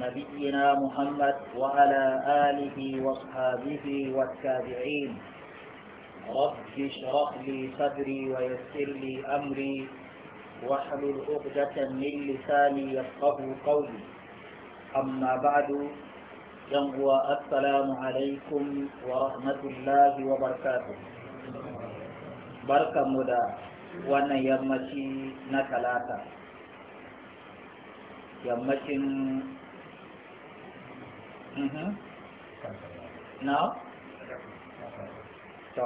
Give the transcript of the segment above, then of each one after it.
نبينا محمد وعلى آله وصحابه والتابعين رب اشرح لي صدري ويسر لي أمري واحلل عقدة من لساني يفقه قولي أما بعد ينقوى السلام عليكم ورحمة الله وبركاته بركة مدى وانا يمشي نكلاتا يمشي Mm-hmm. no to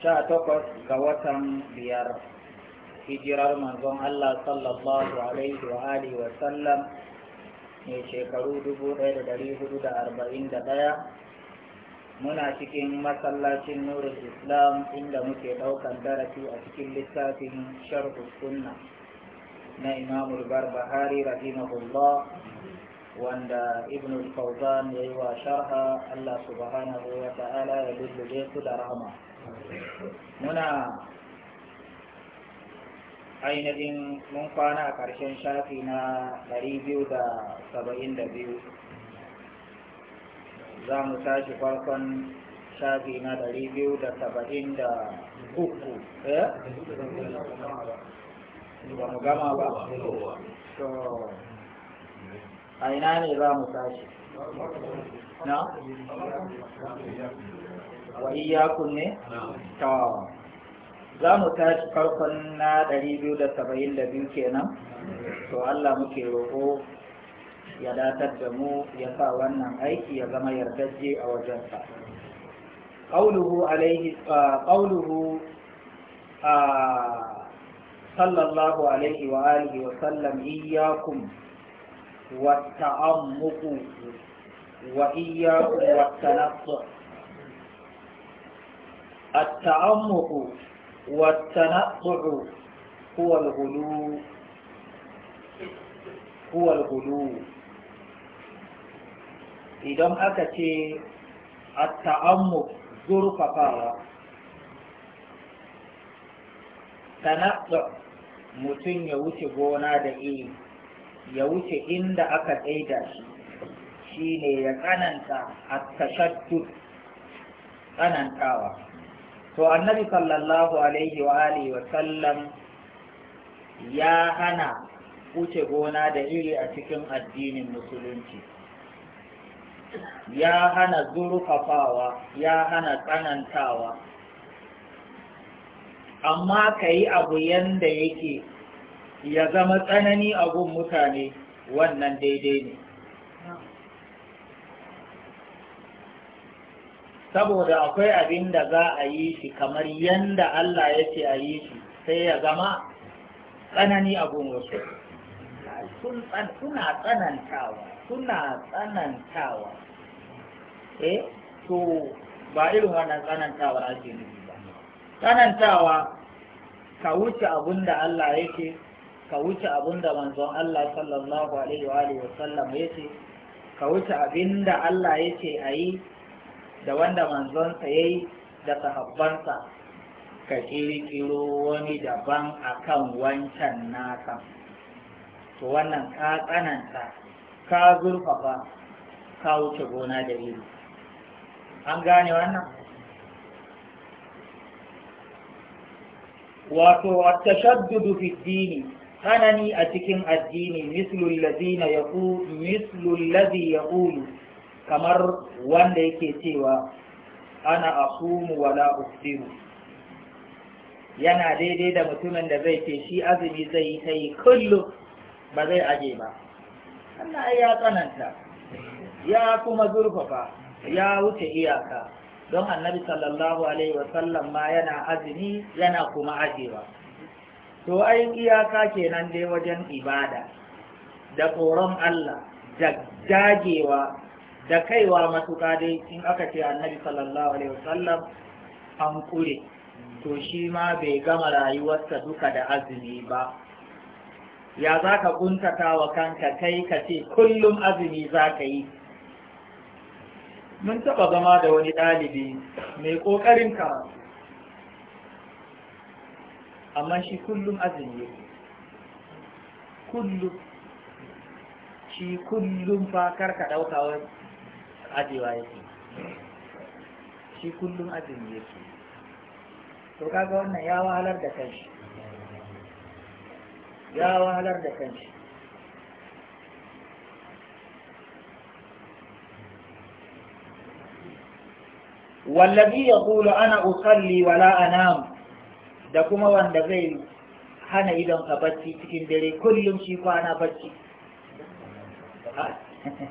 sha takwas ga watan biyar hijirar manzon Allah sallallahu alaihi wa alihi wa sallam mai shekaru dubu da da arba'in da ɗaya muna cikin masallacin nurin islam inda muke ɗaukan darasi a cikin littafin sharhu sunna na imamul barbahari rahimahullah wanda ibn al-fawzan ya yi wa sharha Allah subhanahu wa ta'ala ya lullube su da rahama muna ainihin mun kwana a ƙarshen shafi na 272 za mu tashi farkon shafi na 273 eh ba mu gama ba a ina ne za mu tashi na wa iya ne ta za mu tashi farkon na 272 kenan to Allah muke roƙo ya datar da mu ya sa wannan aiki ya zama yardajje a wajensa قوله عليه alaihi صلى alihi wa sallam, iya إياكم والتعمق وإياكم والتنطع التعمق والتنطع هو idan aka ce a ta'ammu zurfafawa tanatsu mutum ya wuce gona da iri ya wuce inda aka tsaida shi shine ya tsananta a tashaddud tsanantawa to annabi sallallahu alaihi wa alihi wa sallam ya hana wuce gona da iri a cikin addinin musulunci ya hana zurfafawa ya hana tsanantawa amma ka yi abu yanda yake ya zama tsanani a gun mutane wannan daidai ne saboda akwai abin da za a yi shi kamar yanda Allah ya ce a yi shi sai ya zama tsanani a gun wasu suna tsanantawa suna tsanantawa eh to ba irin wannan tsanantawa ake nufi ba tsanantawa ka wuce abin da Allah yake ka wuce abin da manzon Allah sallallahu alaihi wa alihi wasallam ya ce ka wuce abin da Allah ya ce a yi da wanda manzonsa ya yi da sahabbansa ka kirkiro wani daban akan wancan naka to wannan ka tsananta ka zurfafa ka wuce gona da iri an gane wannan wato at-tashaddud fi dini tsanani a cikin addini mislul lazina yaqu mislul ladhi kamar wanda yake cewa ana asumu wala uftiru yana daidai da mutumin da zai ce shi azumi zai yi ta yi kullum ba zai aje ba Allah ya tsananta ya kuma zurfafa ya wuce iyaka don annabi sallallahu alaihi wasallam ma yana azumi yana kuma ajewa to ai iyaka kenan dai wajen ibada da tsoron Allah da dagewa da kaiwa matuƙa dai in aka ce annabi sallallahu alaihi wasallam an kure to shi ma bai gama rayuwarsa duka da azumi ba ya zaka ka kuntata wa kanka kai ka ce kullum azumi zaka yi mun taɓa zama da wani ɗalibi mai ƙoƙarin karatu amma shi kullum azumi yake kullum shi kullum fa karka ɗauka wa ajewa yake shi kullum azumi yake to kaga wannan ya wahalar da kanshi ya wahalar da kanshi wallazi yaqulu ana usalli wala anam da kuma wanda zai hana idonka bacci cikin dare kullum shi kwana bacci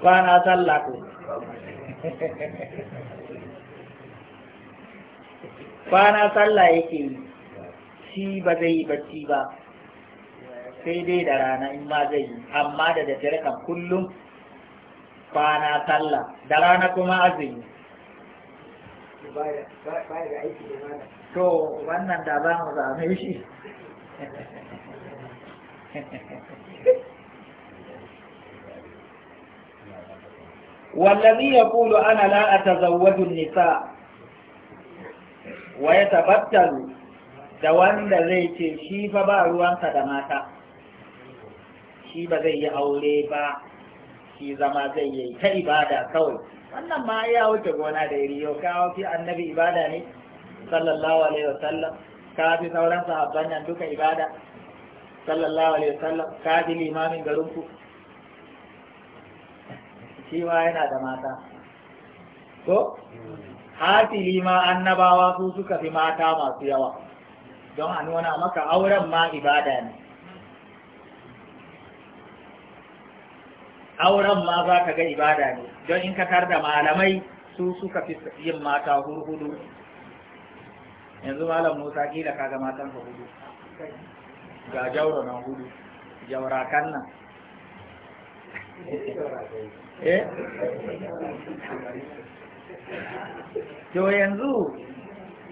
kwana sallah ko kwana sallah yake shi ba zai yi bacci ba sai dai da rana in ma zai yi amma da daddare kan kullum kwana sallah da rana kuma azumi to wannan da zamu za mu zame shi والذي يقول أنا لا أتزوج النساء ويتبتل da wanda zai ce shi fa ba ruwansa da mata shi ba zai yi aure ba shi zama zai yi ta ibada kawai wannan ma ya wuce gona da iri yau kawo fi annabi ibada ne sallallahu alaihi wasallam ka fi sauran sahabban nan duka ibada sallallahu alaihi wasallam ka fi limamin garinku shi ma yana da mata ko hati lima annabawa su suka fi mata masu yawa don a nuna maka auren ma ibada ne auren ma za ka ga ibada ne don in ka tar da malamai su suka fi yin mata hudu yanzu malam musa kila ka ga matan ka hudu ga jaura nan hudu jaura kan nan eh? to yanzu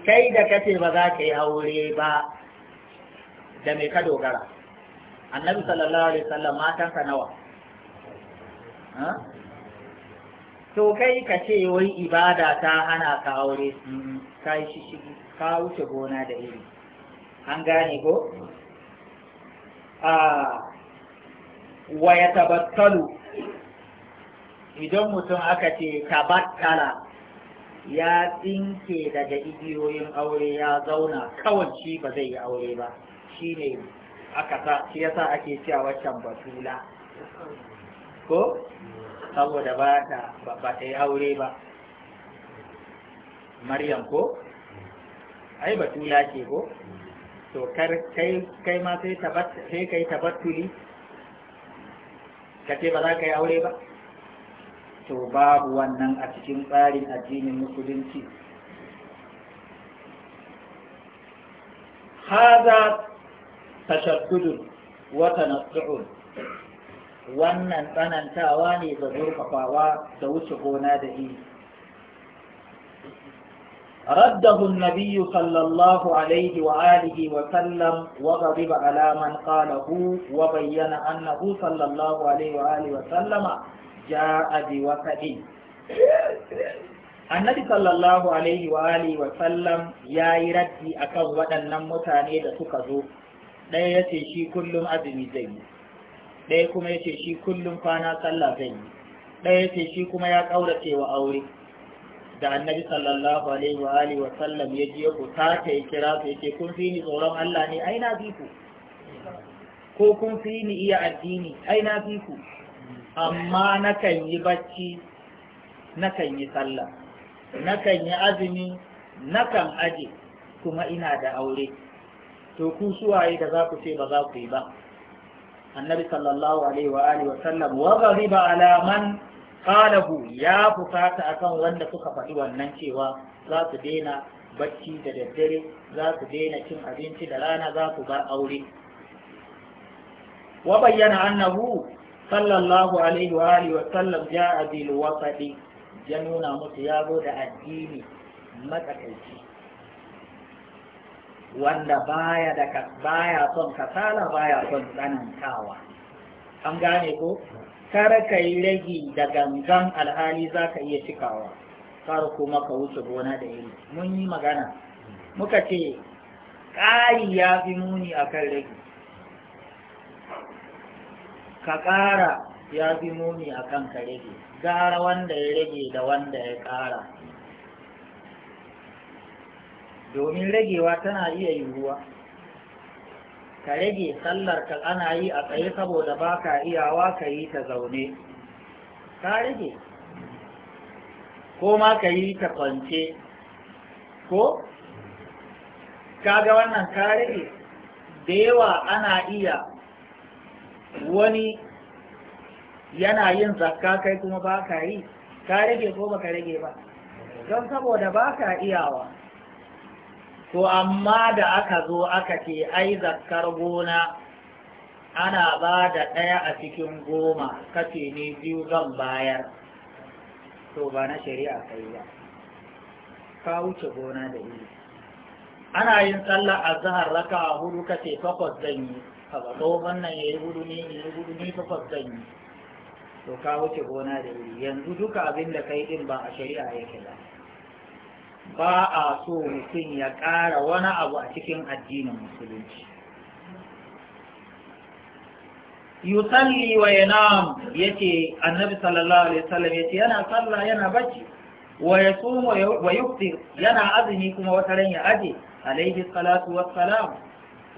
kai da kace ba za ka yi aure ba da me ka dogara annabi sallallahu alaihi wasallam ka nawa to kai ka ce wai ibada ta hana ka aure mm, ka yi shishigi ka wuce gona da iri an gane ko A waya tabattalu idan mutum aka ce tabattala ya tsinke daga igiyoyin aure ya zauna kawanci ba zai yi aure ba ne aka sa shi yasa ake cewa wacan batula ko saboda ba ta ba ta yi aure ba maryam ko ai batula ce ko to kar kai kai ma sai tabat sai kai tabattuli kace ba za ka yi aure ba to babu wannan a cikin tsarin addinin musulunci haza tashaddudun wa tanassu'un wannan tsanantawa ne da zurfafawa da wuce gona da iri رده النبي صلى الله عليه وآله وسلم وغضب على من قاله وبين أنه صلى الله عليه وآله وسلم جاء بوسعه annabi sallallahu alaihi wa alihi wa sallam ya yi raddi akan waɗannan mutane da suka zo ɗaya ya ce shi kullum azumi zai yi ɗaya kuma ya ce shi kullum kwana sallah zai yi ɗaya ya ce shi kuma ya ƙaurace wa aure da annabi sallallahu alaihi wa alihi wa sallam ya ji ku Ta yi kira su ya ce kun fi ni tsoron Allah ne ai na fi ku ko kun fi ni iya addini ai na fi ku amma nakan yi bacci nakan yi sallah nakan yi azumi nakan aje kuma ina da aure to ku suwaye da za ku ce ba za ku yi ba annabi sallallahu alaihi wa alihi wa sallam wa ghadiba ala man qalahu ya fusata akan wanda suka faɗi wannan cewa za su daina bacci da daddare za su daina cin abinci da rana za su bar aure wa bayyana annahu sallallahu alaihi wa alihi wa sallam ja'a bil wasati ya nuna musu ya zo da addini matsakaici wanda baya da baya son kasala baya son tsanantawa an gane ko kar ka yi ragi da gangan alhali za ka iya cikawa kar kuma ka wuce gona da iri mun yi magana muka ce ƙari ya fi muni a kan ragi ka ƙara ya fi muni a kan ka rage gara wanda ya rage da wanda ya ƙara domin ragewa tana iya yiwuwa ka rage sallar ka ana yi a tsaye saboda ba ka iyawa ka yi ta zaune ka rage ko ma ka yi ta kwance ko kaga wannan ka rage da yawa ana iya wani yana yin zakka kai kuma ba ka yi ka rage ko ba ka rage ba don saboda ba ka iyawa to amma da aka zo aka ce ai zakkar gona ana ba da ɗaya a cikin goma kace ne biyu zan bayar to ba na shari'a kai ba ka wuce gona da iri ana yin sallar azhar raka a hudu kace takwas zan yi ka ba tsohon nan ya yi hudu ne ya yi hudu ne takwas zan yi to ka wuce gona da iri yanzu duka abin da kai din ba a shari'a yake ba ba a so mutum ya ƙara wani abu a cikin addinin musulunci yusalli wa yanam yace annabi sallallahu alaihi wasallam yace yana sallah yana bacci wa yasumu wa yuftir yana azumi kuma wata ran ya aje alaihi salatu wassalam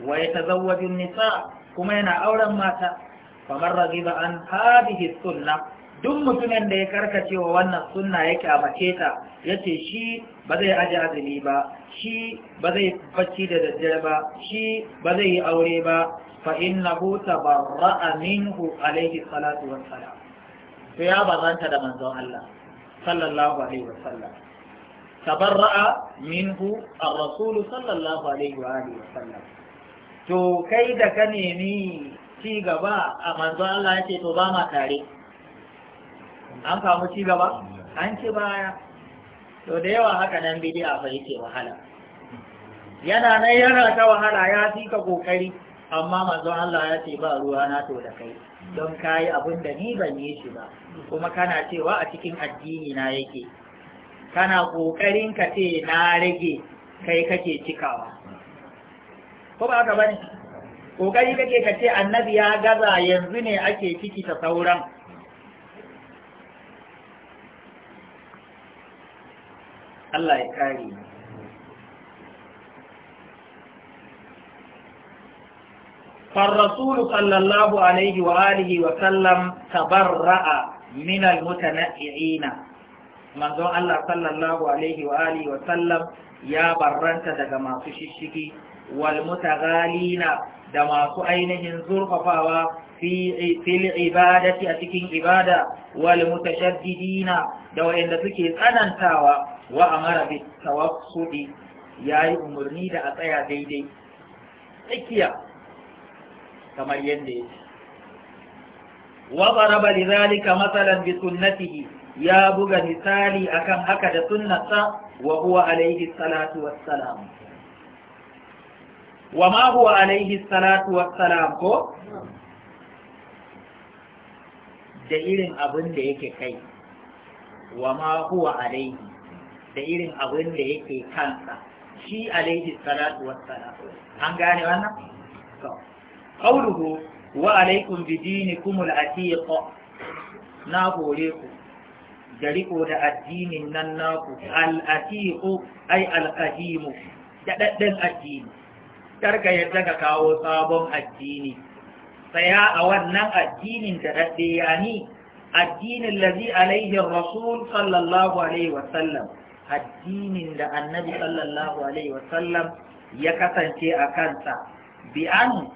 wa yatazawwaju nisa kuma yana auren mata kamar ragiba an hadhihi sunna duk mutumin da ya karkace wa wannan sunna ya kyamace ta ya ce shi ba zai aji azumi ba shi ba zai bacci da daddare ba shi ba zai yi aure ba fa innahu tabarra'a minhu alaihi salatu sala to ya barranta da manzon Allah sallallahu alaihi wasallam tabarra'a minhu a rasulu? sallallahu alaihi wa alihi wasallam to kai da ka nemi ci gaba a manzon Allah ce to ba ma tare an samu ci gaba an ci baya to da yawa haka nan bidiya fa yake wahala yana nan yana ta wahala ya fi ka kokari amma manzon Allah ya ce ba ruwa na to da kai don kayi abin da ni ban yi shi ba kuma kana cewa a cikin addini na yake kana kokarin ka ce na rage kai kake cikawa ko ba ka bane kokari kake ka ce annabi ya gaza yanzu ne ake ciki ta sauran Allah ya kare mu فالرسول صلى الله عليه وآله وسلم تبرأ من المتنئين من ذو الله صلى الله عليه وآله وسلم يا برنت دقما تششكي والمتغالين دما أينهن زرففاوا في في العبادة أتكين عبادة والمتشددين دو إن تكي أننتاوا wa amara bi tawassudi yayi umarni da a tsaya daidai tsakiya kamar yadda ya ce wa daraba lidhalika masalan bi sunnatihi ya buga misali akan haka da sunnarsa wa huwa alaihi salatu wassalam wa ma huwa alaihi salatu wassalam ko da irin abin da yake kai wa ma huwa alaihi da irin abin da yake kansa shi alaihi salatu wassalam an gane wannan to qawluhu wa alaikum bi dinikum al-atiq na gore ku da ko da addinin nan naku al-atiq ai al-qadim da daddan addini karka yadda ka kawo sabon addini tsaya a wannan addinin da dadde yani addinin lazi alaihi rasul sallallahu alaihi wa sallam. addinin da annabi sallallahu alaihi wasallam ya kasance a kansa bi an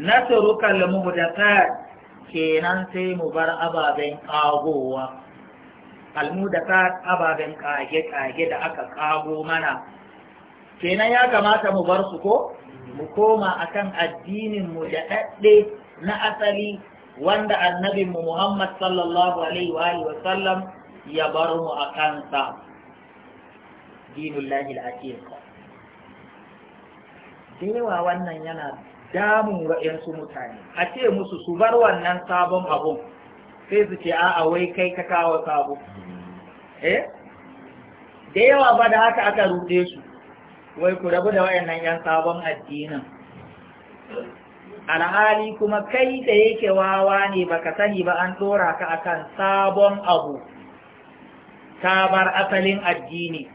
nasaruka al-muhdathat kenan sai mu bar ababen kagowa al-muhdathat ababen kage kage da aka kago mana kenan ya kamata mu bar su ko mu koma akan addinin mu da dadde na asali wanda annabinmu Muhammad sallallahu alaihi wa sallam ya bar mu a kansa dinullahi Da yawa wannan yana damun wa'yansu mutane a ce musu su bar wannan sabon abun sai su ce a'a wai kai ka kawo sabo eh da yawa ba da haka aka rude su wai ku rabu da wayannan yan sabon addinin alhali kuma kai da yake wawa ne baka sani ba an dora ka akan sabon abu ta bar asalin addini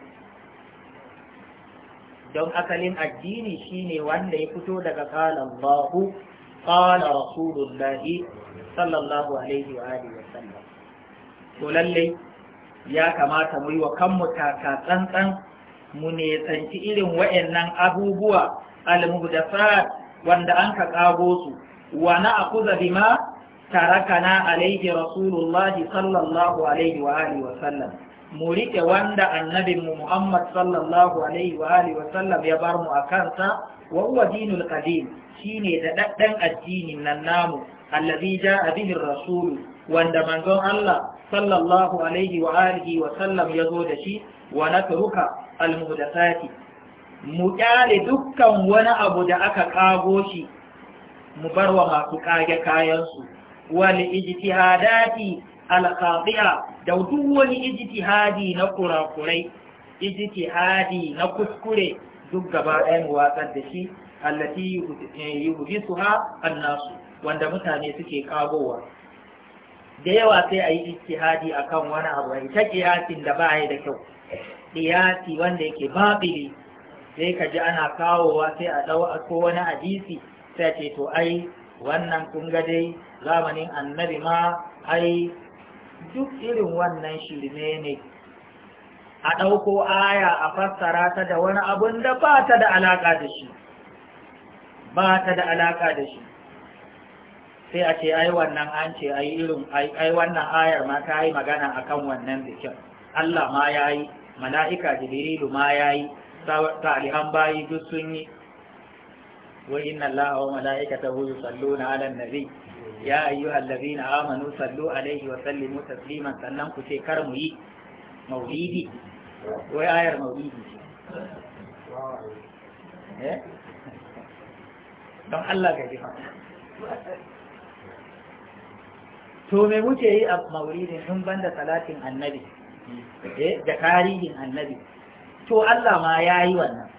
don asalin addini shine wanda ya fito daga kala Allahu kala rasulullahi sallallahu alaihi wa alihi wa sallam to lallai ya kamata mu yi wa kanmu taka tsantsan mu tsanci irin wa'annan abubuwa al-muhdathat wanda an ka kago su wa na akuza bima tarakana alaihi rasulullahi sallallahu alaihi wa alihi wa sallam mu riƙe wanda annabinmu Muhammad sallallahu alaihi wa alihi ya bar mu a kansa wa huwa dinul qadim shine da daddan addinin nan namu allazi jaa bihi rasul wanda manzon Allah sallallahu alaihi wa alihi wa sallam ya zo da shi wa natruka al muhdathati mu kyale dukkan wani abu da aka kago shi mu bar wa masu kage kayan su wal ijtihadati Alƙaɗiya, da duk wani ijtihadi na kurakurai ijtihadi na kuskure duk gaba ɗayan watsar da shi allati ha annasu wanda mutane suke kagowa da yawa sai a yi ijtihadi akan wani abu ai ta kiyasin da ba da kyau kiyasi wanda yake babili sai ka ana kawowa sai a ɗau a ko wani hadisi sai ce to ai wannan kun ga dai zamanin annabi ma ai duk irin wannan shirme ne a ɗauko aya a fassara ta da wani abun da ba ta da alaƙa da shi ba ta da alaƙa da shi sai a ce ai wannan an ce ai irin ai wannan ayar ma ta yi magana akan wannan bikin Allah ma ya yi mala'ika jibrilu ma ya yi salihan bayi duk sun yi wa mala'ika ta wa mala'ikatahu yusalluna 'alan nabi ya ayyuhal ladina amanu sallu alaihi wa sallimu tasliman sannan ku ce kar mu yi maulidi wai ayar maulidi ce don Allah ga jifa to me muke yi a maulidin sun banda salatin annabi da tarihin annabi to Allah ma ya yi wannan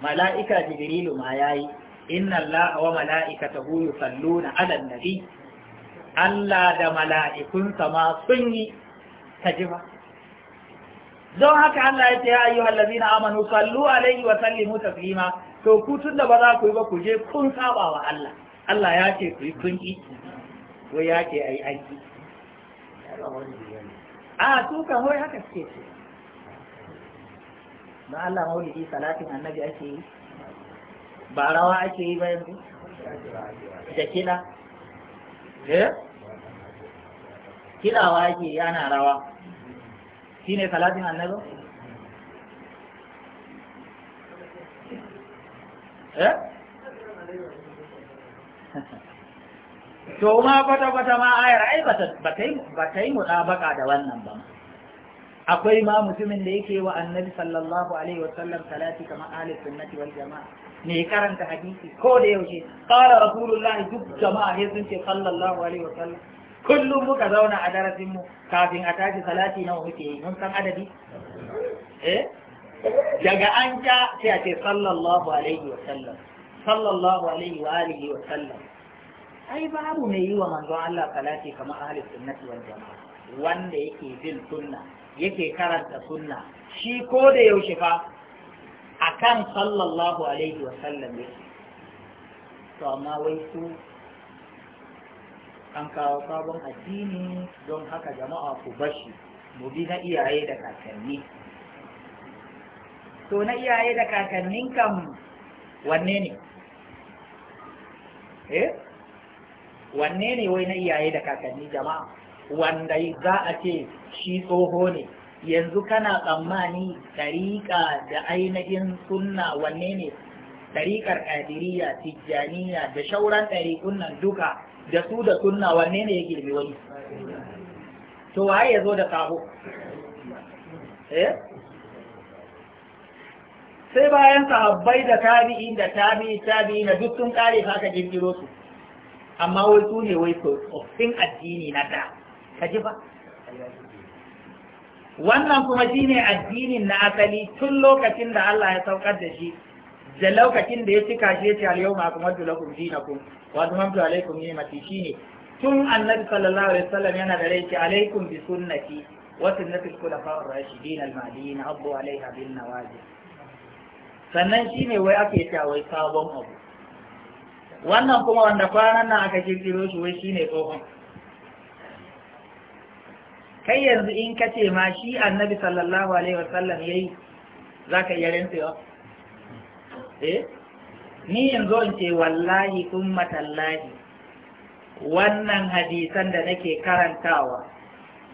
mala'ika jibrilu ma ya yi inna Allah wa mala'ikatahu yusalluna 'alan nabi Allah da mala'ikunsa ma sun yi tajiba don haka Allah ya ce ya ayyuhal ladina amanu sallu alaihi wa sallimu taslima to ku da ba za ku yi ba ku je kun saba wa Allah Allah ya ce ku yi kun yi ko ya ce a yi aiki a su kan wai haka suke ce ba Allah maulidi salatin annabi ake yi ba rawa ake yi ba yanzu da kiɗa eh? kiɗawa ake yi ana rawa shi ne salatin annabi eh to ma kwata-kwata ma ayar ai ba ta yi mutabaka da wannan ba akwai ma mutumin da yake wa annabi sallallahu alaihi wasallam salati kamar alif sunnati wal jama'a mai karanta hadisi ko da yaushe qala rasulullahi duk jama'a ne sun ce sallallahu alaihi wa sallam kullum muka zauna a darasin mu kafin a tashi salati nawa muke yi mun san adadi eh daga an ja sai a ce sallallahu alaihi wa sallam sallallahu alaihi wa alihi wa sallam ai babu mai yi wa manzon Allah salati kamar ahli sunnati wal jama'a wanda yake bin sunna yake karanta sunna shi ko da yaushe fa akan sallallahu alaihi wasallam ya to amma wai su an kawo sabon addini don haka jama'a ku bashi mu bi na iyaye da kakanni to na iyaye da kakannin kam wanne ne eh wanne ne wai na iyaye da kakanni jama'a wanda za a ce shi tsoho ne yanzu kana tsammani ɗariƙa da ainihin sunna wanne ne ɗariƙar ƙadiriya tijjaniya da shauran ɗariƙun nan duka da su da sunna wanne ne ya girbe wani to waye ya zo da saho eh? sai bayan sahabbai da tabi'in da tabi'in tabi'in na duk sun kare haka aka su amma wai su ne wai tsoffin addini na da ka ji ba wannan kuma shine addinin na asali tun lokacin da Allah ya saukar da shi da lokacin da ya cika shi ya ce al-yawma akmaltu lakum dinakum wa atmamtu alaykum ni'mati shine tun annabi sallallahu alaihi wasallam yana da rai ce alaikum bi sunnati wa sunnati al-khulafa ar-rashidin al-mahdiyyin abu alaiha bin nawajib sannan shine wai ake cewa wai sabon abu wannan kuma wanda kwanan nan aka kirkiro shi wai shine tsohon kai yanzu in ka ce ma shi annabi sallallahu alaihi wasallam yayi zaka iya rantsewa eh ni yanzu in ce wallahi kuma tallahi wannan hadisan da nake karantawa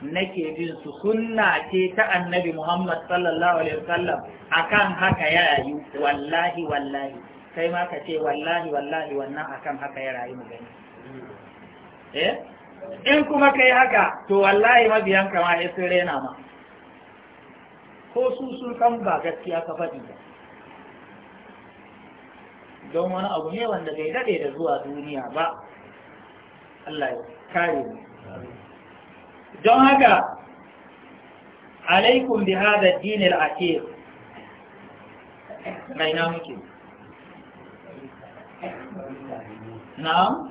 nake bin su sunna ce ta annabi Muhammad sallallahu alaihi wasallam akan haka ya rayu wallahi wallahi kai ma ka ce wallahi wallahi wannan akan haka ya rayu mu gani eh in kuma ka yi haka to wallahi mabiyan kama ya sun rena ma ko su sun san ba gaskiya ka faɗi ba don wani abu ne wanda bai daɗe da zuwa duniya ba Allah ya kare ne don haka alaikum bi hada dinil akir mai na muke na'am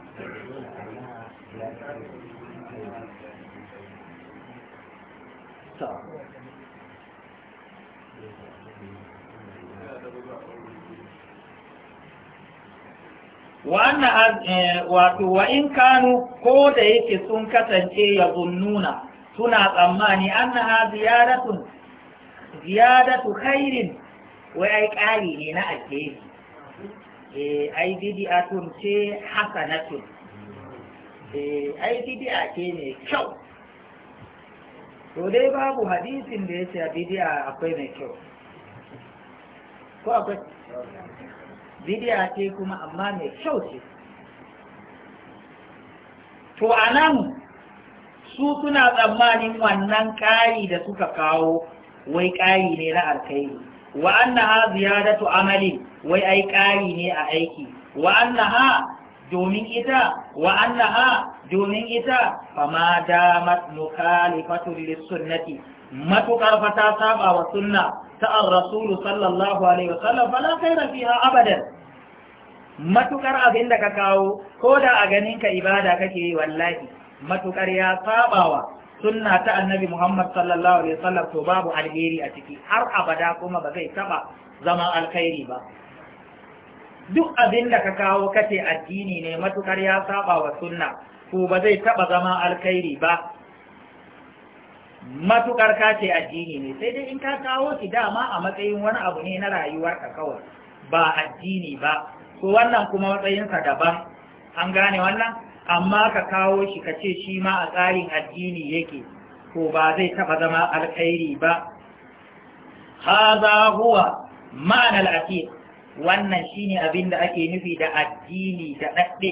ta eh, wato wa in kanu ko da yake sun kasance ya zunnuna suna tsammani annaha ziyaratun ziyadatu khairin wai ai ƙari ne na alheri eh ai bid'atun ce hasanatun eh ai bid'a ce ne kyau to dai babu hadisin da ya ce a bidiya akwai mai kyau ko akwai bidiya ce kuma amma mai kyau ce to a nan su suna tsammanin wannan ƙari da suka kawo wai ƙari ne na alkhairi wa annaha ziyadatu amalin wai ai ƙari ne a aiki wa annaha domin ita wa annaha domin ita fama damat mukhalifatu lis-sunnati matukar fa ta saba wa sunna ta ar-rasul sallallahu alaihi wa sallam wasallam fala khaira fiha abadan matukar abin da ka kawo ko da a ganin ka ibada kake yi wallahi matukar ya sabawa sunna ta annabi Muhammad sallallahu alaihi wa sallam. to babu alheri a ciki har abada kuma ba zai taba zama alkhairi ba duk abin da ka kawo kace addini ne matukar ya saba wa sunna ko ba zai taba zama alkhairi ba matukar kace addini ne sai dai in ka kawo shi dama a matsayin wani abu ne na rayuwarka kawai ba addini ba ko wannan kuma matsayin sa daban an gane wannan amma ka kawo shi kace shi ma a tsarin addini yake ko ba zai taba zama alkhairi ba haza huwa ma'anar atiq wannan shine abin da ake nufi da addini da ɗaɗɗe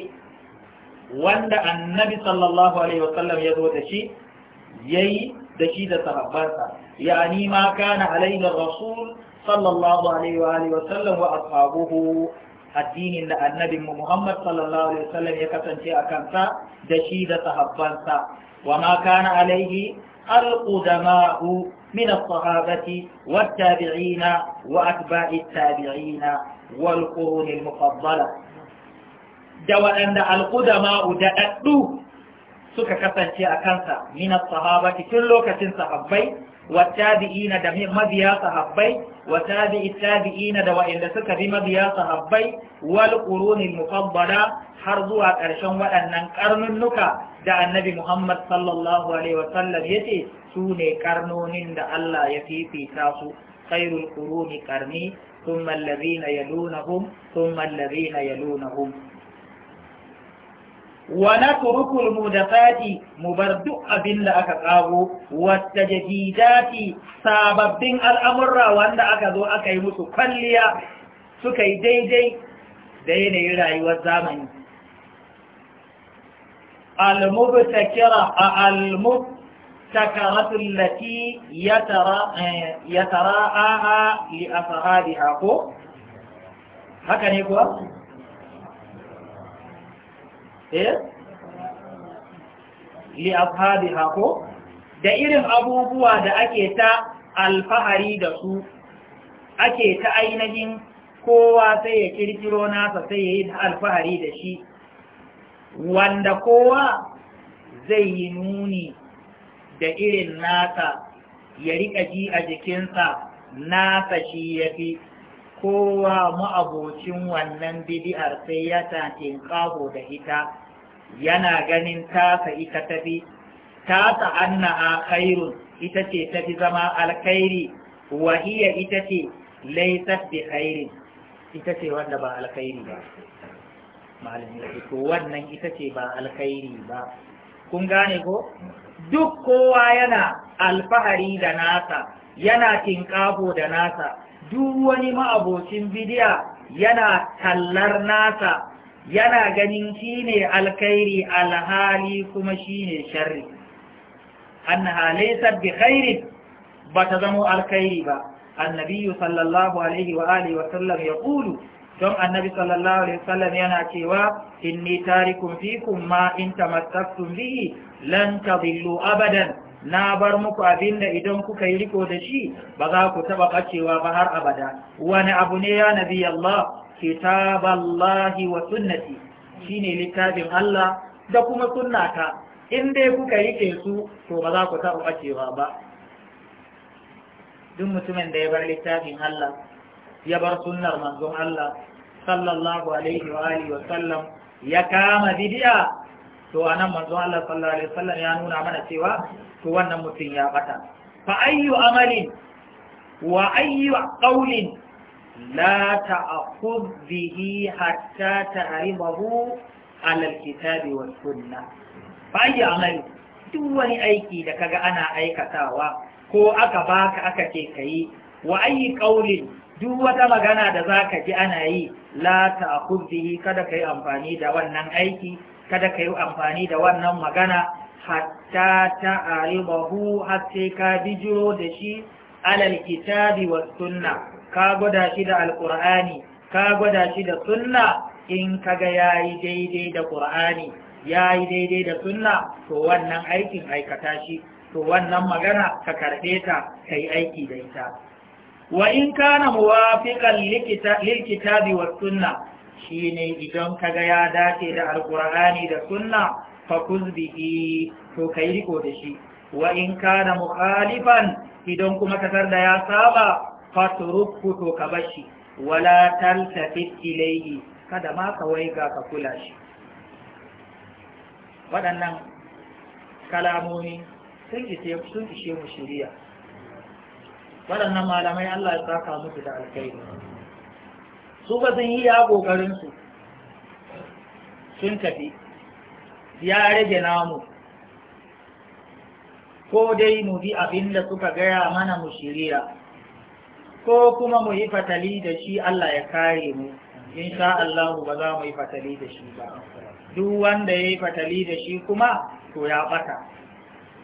wanda annabi sallallahu alaihi wasallam ya zo da shi ya yi da shi da sahabbansa yani ma kana alaihi rasul sallallahu alaihi wa wasallam wa ashabuhu addinin da annabin mu Muhammad sallallahu alaihi wasallam ya kasance a kansa da shi da sahabbansa wa ma kana alaihi alqudama'u من الصحابة والتابعين وأتباع التابعين والقرون المفضلة دواء أن القدماء دأتوا suka kasance a kansa minas sahabati tun lokacin sahabbai والتابعين ده مبيا صحابي وتابع التابعين ده وإن سكا بمبيا صحابي والقرون المفضلة حرزوا أرشان وأن قرن النكا ده النبي محمد صلى الله عليه وسلم يتي سوني قرنون ده الله يفي في تاسو خير القرون قرني ثم الذين يلونهم ثم الذين يلونهم Wana natruku almudathati mu bar duk abin da aka kago wata jadidati sababbin al'amurra wanda aka zo aka yi musu kwalliya suka yi daidai da yanayin rayuwar zamani al-mubtakira al-mubtakaratu allati yatara eh, yatara'aha li ko haka ne kuwa Eh? li ashabiha ko da irin abubuwa da ake ta alfahari da su ake ta ainihin kowa sai ya kirkiro nasa sai ya yi alfahari da shi wanda kowa zai yi nuni da irin nasa ya riƙa ji a jikinsa nasa shi ya fi kowa ma'abocin wannan bidi'ar sai ya tantin ƙaho da ita yana ganin tasa ita tafi tasa a khairun ita ce tafi zama alkhairi wa hiya ita ce laysat bi khairin ita ce wanda ba alkhairi ba malamin to wannan ita ce ba alkhairi ba kun gane ko duk kowa yana alfahari da nasa yana tinƙaho da nasa duk wani ma'abocin bidiya yana tallar nasa yana ganin shi ne alkhairi alhali kuma shi ne sharri an halaisar bi khairi ba ta zamo alkhairi ba annabiyu sallallahu alaihi wa alihi wa sallam ya kulu don annabi sallallahu alaihi wa sallam yana cewa inni tarikum fikum ma in tamassaktum bihi lan tadillu abadan na bar muku abin da idan kuka yi riko da shi ba za ku taɓa ɓacewa ba har abada wani abu ne ya nabi Allah kitaballahi wa sunnati shine littafin Allah da kuma sunnata in dai kuka rike su to ba za ku taɓa ɓacewa ba duk mutumin da ya bar littafin Allah ya bar sunnar manzon Allah sallallahu alaihi wa alihi wa sallam ya kama bidiya to a nan manzo Allah sallallahu alaihi wasallam ya nuna mana cewa to wannan mutum ya bata fa ayyu amalin wa ayyu qawlin la ta'khudh bihi hatta ta'rimahu ala alkitabi wa sunnah fa ayyu amalin duk wani aiki da kaga ana aikatawa ko aka baka aka ce kai wa ayyu qawlin duk wata magana da zaka ji ana yi la ta'khudh bihi kada kai amfani da wannan aiki kada ka yi amfani da wannan magana hatta ta aribahu har sai ka bijiro da shi alal kitabi wa sunna ka gwada shi da alqur'ani ka gwada shi da sunna in ka kaga yayi daidai da qur'ani yayi daidai da sunna to wannan aikin aikata shi to wannan magana ka karbe ta kai aiki da ita wa in kana muwafiqan lil kitabi was sunna Shi ne idan ka ga ya dace da alkur'ani da sunna fa bihi to kai riko da shi wa in kana mukhalifan idan kuma kasar da ya saba faturukku to ka bashi wala taltafit ilayhi kada ma ka ga ka kula shi waɗannan kalamomi sun ishe sun ishe mu shiriya waɗannan malamai Allah ya saka musu da alkhairi su ba sun yi ya su sun tafi ya rage namu ko dai mu bi abin da suka gaya mana mu shirya ko kuma mu yi fatali da shi Allah ya kare mu insha Allah ba za mu yi fatali da shi ba duk wanda ya yi fatali da shi kuma to ya bata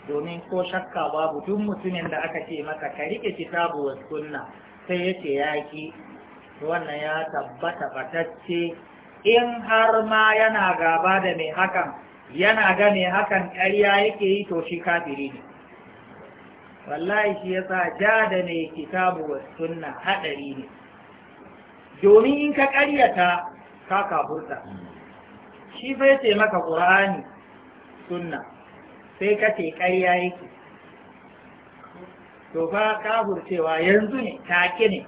domin ko shakka babu duk mutumin da aka ce maka ka rike kitabu wa sunna sai yace yaki wannan ya tabbata batacce in har ma yana gaba da mai hakan yana ga mai hakan ƙarya yake yi to shi kafiri ne wallahi shi yasa ja da mai kitabu wa sunna haɗari ne domin in ka ƙaryata ka kafurta shi bai ce maka ƙur'ani sunna sai ka ce ƙarya yake to fa kafurcewa yanzu ne take ne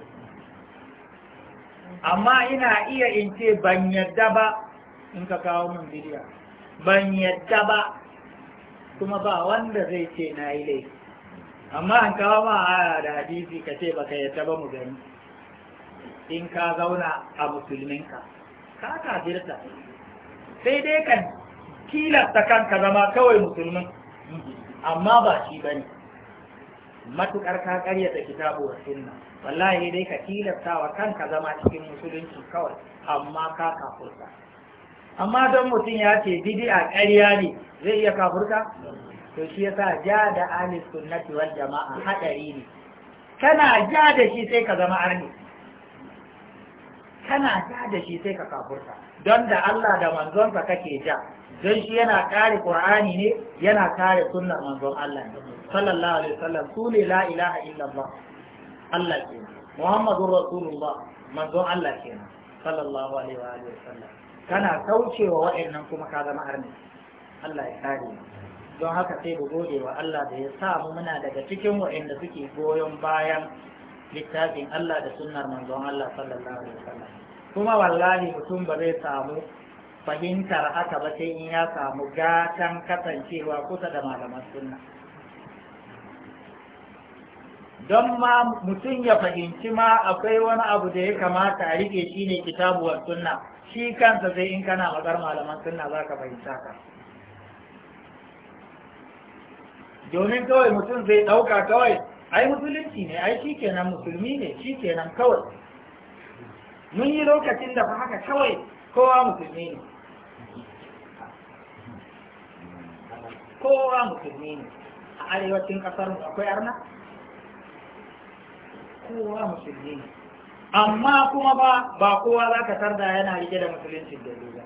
amma ina iya in ce ban yadda ba in ka kawo min bidiya ban yadda ba kuma ba wanda zai ce na yi laifi amma an kawo ma aya da hadisi ka ce baka yadda ba mu gani in ka zauna a musulminka ka kafirta sai dai ka tilasta kanka zama kawai musulmin amma ba shi bane matukar ka karyata kitabu wa sunna wallahi dai ka tilasta wa kanka zama cikin musulunci kawai amma ka kafurta amma don mutum ya ce bidi'a ƙarya ne zai iya kafurta to shi yasa ja da ahli sunnati wal jama'a hadari ne kana ja da shi sai ka zama arni kana ja da shi sai ka kafurta don da Allah da manzonsa kake ja don shi yana kare Qur'ani ne yana kare sunnar manzon Allah sallallahu alaihi wasallam su ne la ilaha illallah Allah ke Muhammadun Rasulullah manzon Allah ke sallallahu alaihi wa alihi wasallam kana kaucewa wa'annan kuma ka zama arni Allah ya kare don haka sai mu gode wa Allah da ya sa mu muna daga cikin wa'anda suke goyon bayan littafin Allah da sunnar manzon Allah sallallahu alaihi wasallam kuma wallahi mutum ba zai samu fahimtar haka ba sai in ya samu gatan kasancewa kusa da malaman sunna don ma mutum ya fahimci ma akwai wani abu da ya kamata a rike shi ne kitabuwar sunna shi kansa sai in kana magar malaman sunna za ka fahimta ka domin kawai mutum zai ɗauka kawai ai musulunci ne ai shi kenan musulmi ne shi kenan kawai mun yi lokacin da haka kawai kowa musulmi ne kowa musulmi ne a arewacin ƙasar mu akwai arna kowa musulmi ne amma kuma ba ba kowa za ka tarda yana rike da musulunci da ba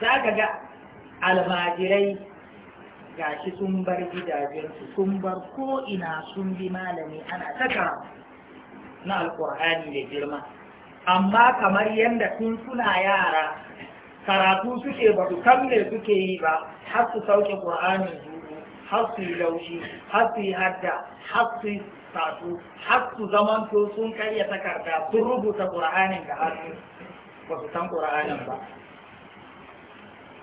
za ka ga almajirai gashi sun bar gidajensu sun bar ko'ina sun bi malami ana saka na alkur'ani da girma amma kamar yadda sun suna yara karatu suke ba su kalle suke yi ba har su sauke qur'ani zuwa har su yi laushi har su yi hadda har su yi tatu har su to sun karya takarda sun rubuta qur'anin da hannu ba su san qur'anin ba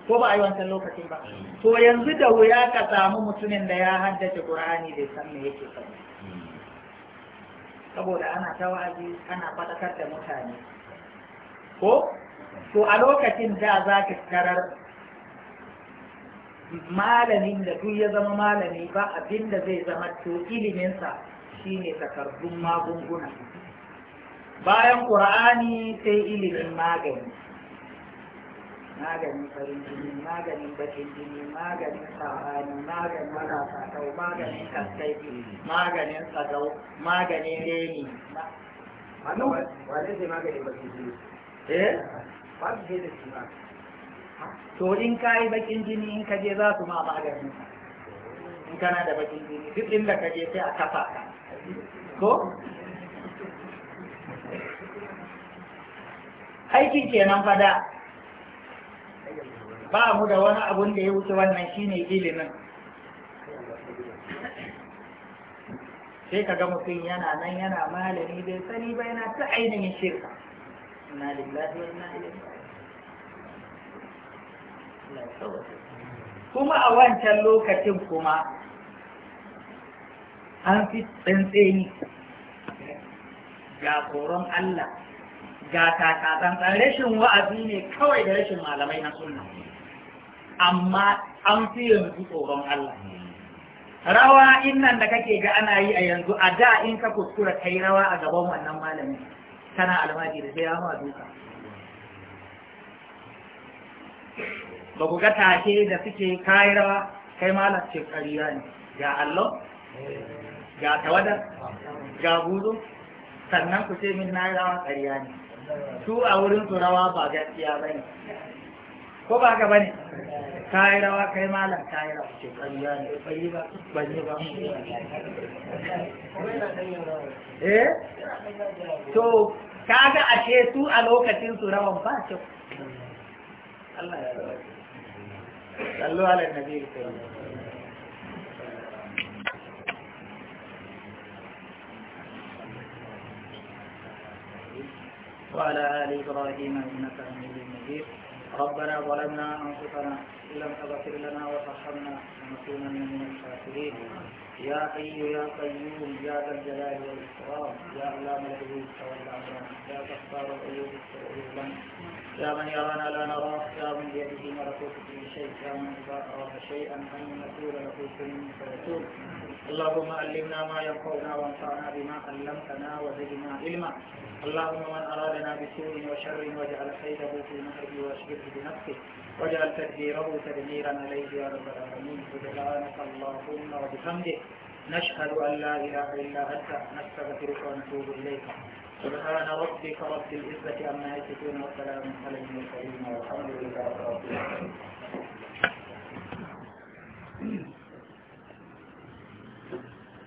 ko ba a yi wancan lokacin ba to yanzu da wuya ka samu mutumin da ya haddace qur'ani bai san me yake sani saboda ana tawazi ana fadakar da mutane ko to a lokacin da za ka tarar malamin da duk ya zama malami ba abin da zai zama to iliminsa shine takardun magunguna bayan ƙur'ani sai ilimin magani maganin farin jini maganin bakin jini maganin sahani maganin marasa kau maganin kaskai maganin tsagau maganin reni wani zai maganin bakin jini Eh? to in ka yi bakin jini in ka je za su ma maganin in kana da bakin jini duk inda ka je sai a kafa ka ko aiki kenan fada ba mu da wani abun da ya wuce wannan shine ilimin sai ka ga mutum yana nan yana malami bai sani bai na ta ainihin shirka kuma a wancan lokacin kuma an fi tsantseni ga tsoron Allah ga takatsantsan rashin wa'azi ne kawai da rashin malamai na sunna amma an fi yanzu tsoron Allah rawa innan da kake ga ana yi a yanzu a da in ka kuskura yi rawa a gaban wannan malamin kana da sai ya duka ba ku ga ke da suke kayarwa kai malam ce kariya ne ga Allah ga tawada ga gudu sannan ku ce min na rawa kariya ne su a wurin su rawa ba gaskiya ba ne ko ba haka bane kai rawa kai malam kai rawa ce ƙarya ne bai ba bai ba eh to kaga a ce su a lokacin su rawan ba ce Allah ya rawa sallu ala nabi وعلى آل إبراهيم إنك حميد مجيد ربنا ظلمنا أنفسنا وسلم فغفر لنا وارحمنا ونكون من الخاسرين يا حي يا قيوم يا ذا الجلال والاكرام يا علام الغيوب تولى امرنا يا غفار العيوب تولى عيوبنا يا من يرانا لا نراه يا من بيده ملكوت كل شيء يا من اذا اراد شيئا ان يقول له كن فيكون اللهم علمنا ما ينفعنا وانفعنا بما علمتنا وزدنا علما اللهم من ارادنا بسوء وشر واجعل خيره في نهره واشغله بنفسه وجعل تدبيره تدبيرا عليه يا رب العالمين سبحانك اللهم وبحمدك نشهد أن لا إله إلا أنت نستغفرك ونتوب إليك سبحان ربك رب العزة عما يصفون وسلام على المرسلين والحمد لله رب العالمين